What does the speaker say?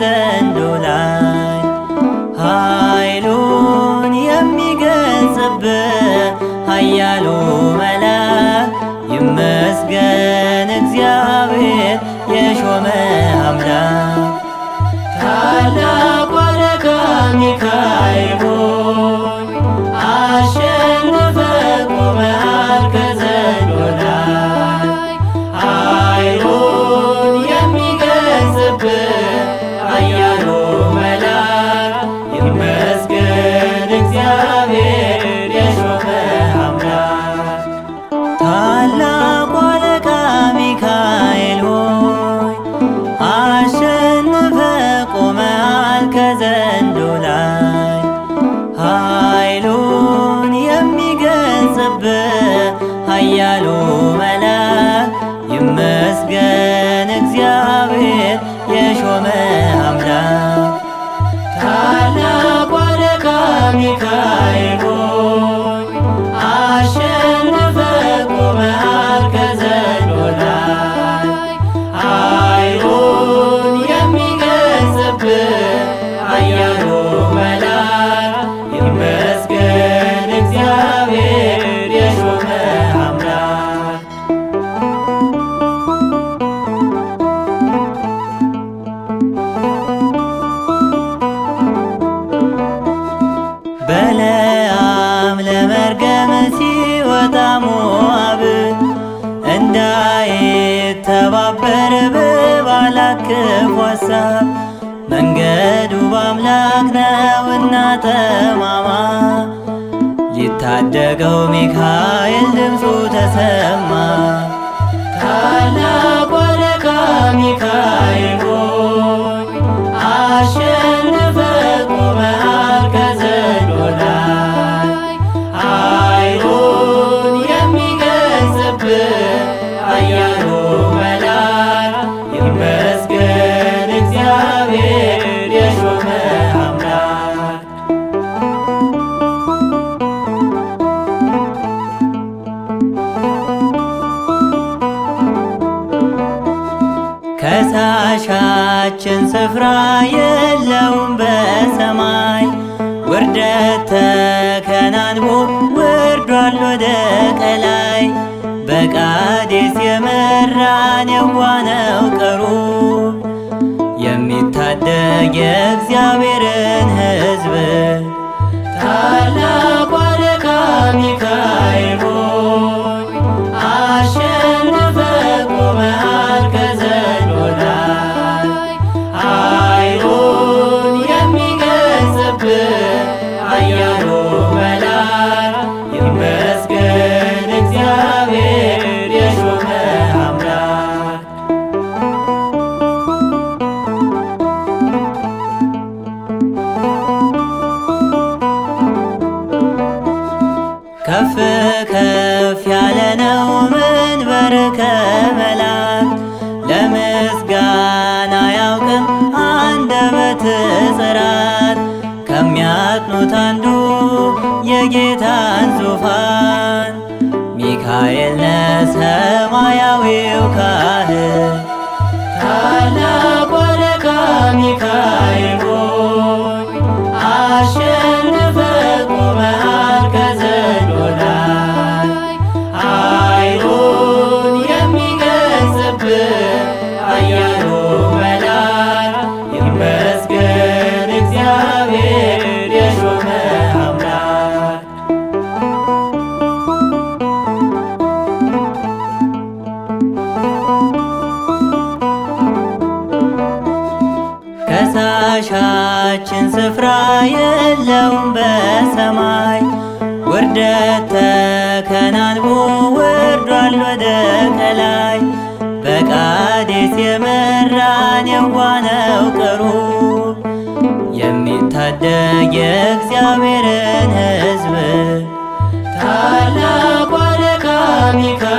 በዘንዶ ላይ ኃይሉን የሚገልጽብህ ኃያሉ መላክ ይመስገን። ይመስገን እግዚአብሔር የሾመ አምላክ ታላቁ አለቃ ሚካኤል ዳግም ሲወጣ ሞአብ እንዳይተባበር በባላክፉ ሀሳብ መንገዱ በአምላክ ነውና ጠማማ ሊታደገው ሚካኤል ድምፁ ተሰማ ታላቁ አለቃ ሚካኤል ከሳሻችን ስፍራ የለውም በሰማይ ውርደት ተከናንቦ ወርዷል ወደ ቀላይ በቃዴስ የመራን የዋነው ቀሩ የሚታደግ የእግዚአብሔርን ሕዝብ ካቀኑት አንዱ የጌታን ዙፋን ሚካኤል ነሰማያዊው ካህን ታላቁ አለቃ ሚካኤል ከሳሻችን ስፍራ የለውም በሰማይ ውርደት ተከናንቦ ወርዷል ወደ ከላይ በቃዴስ የመራን የዋነው ቀሩ የሚታደግ የእግዚአብሔርን ሕዝብ ታላቋ አለቃ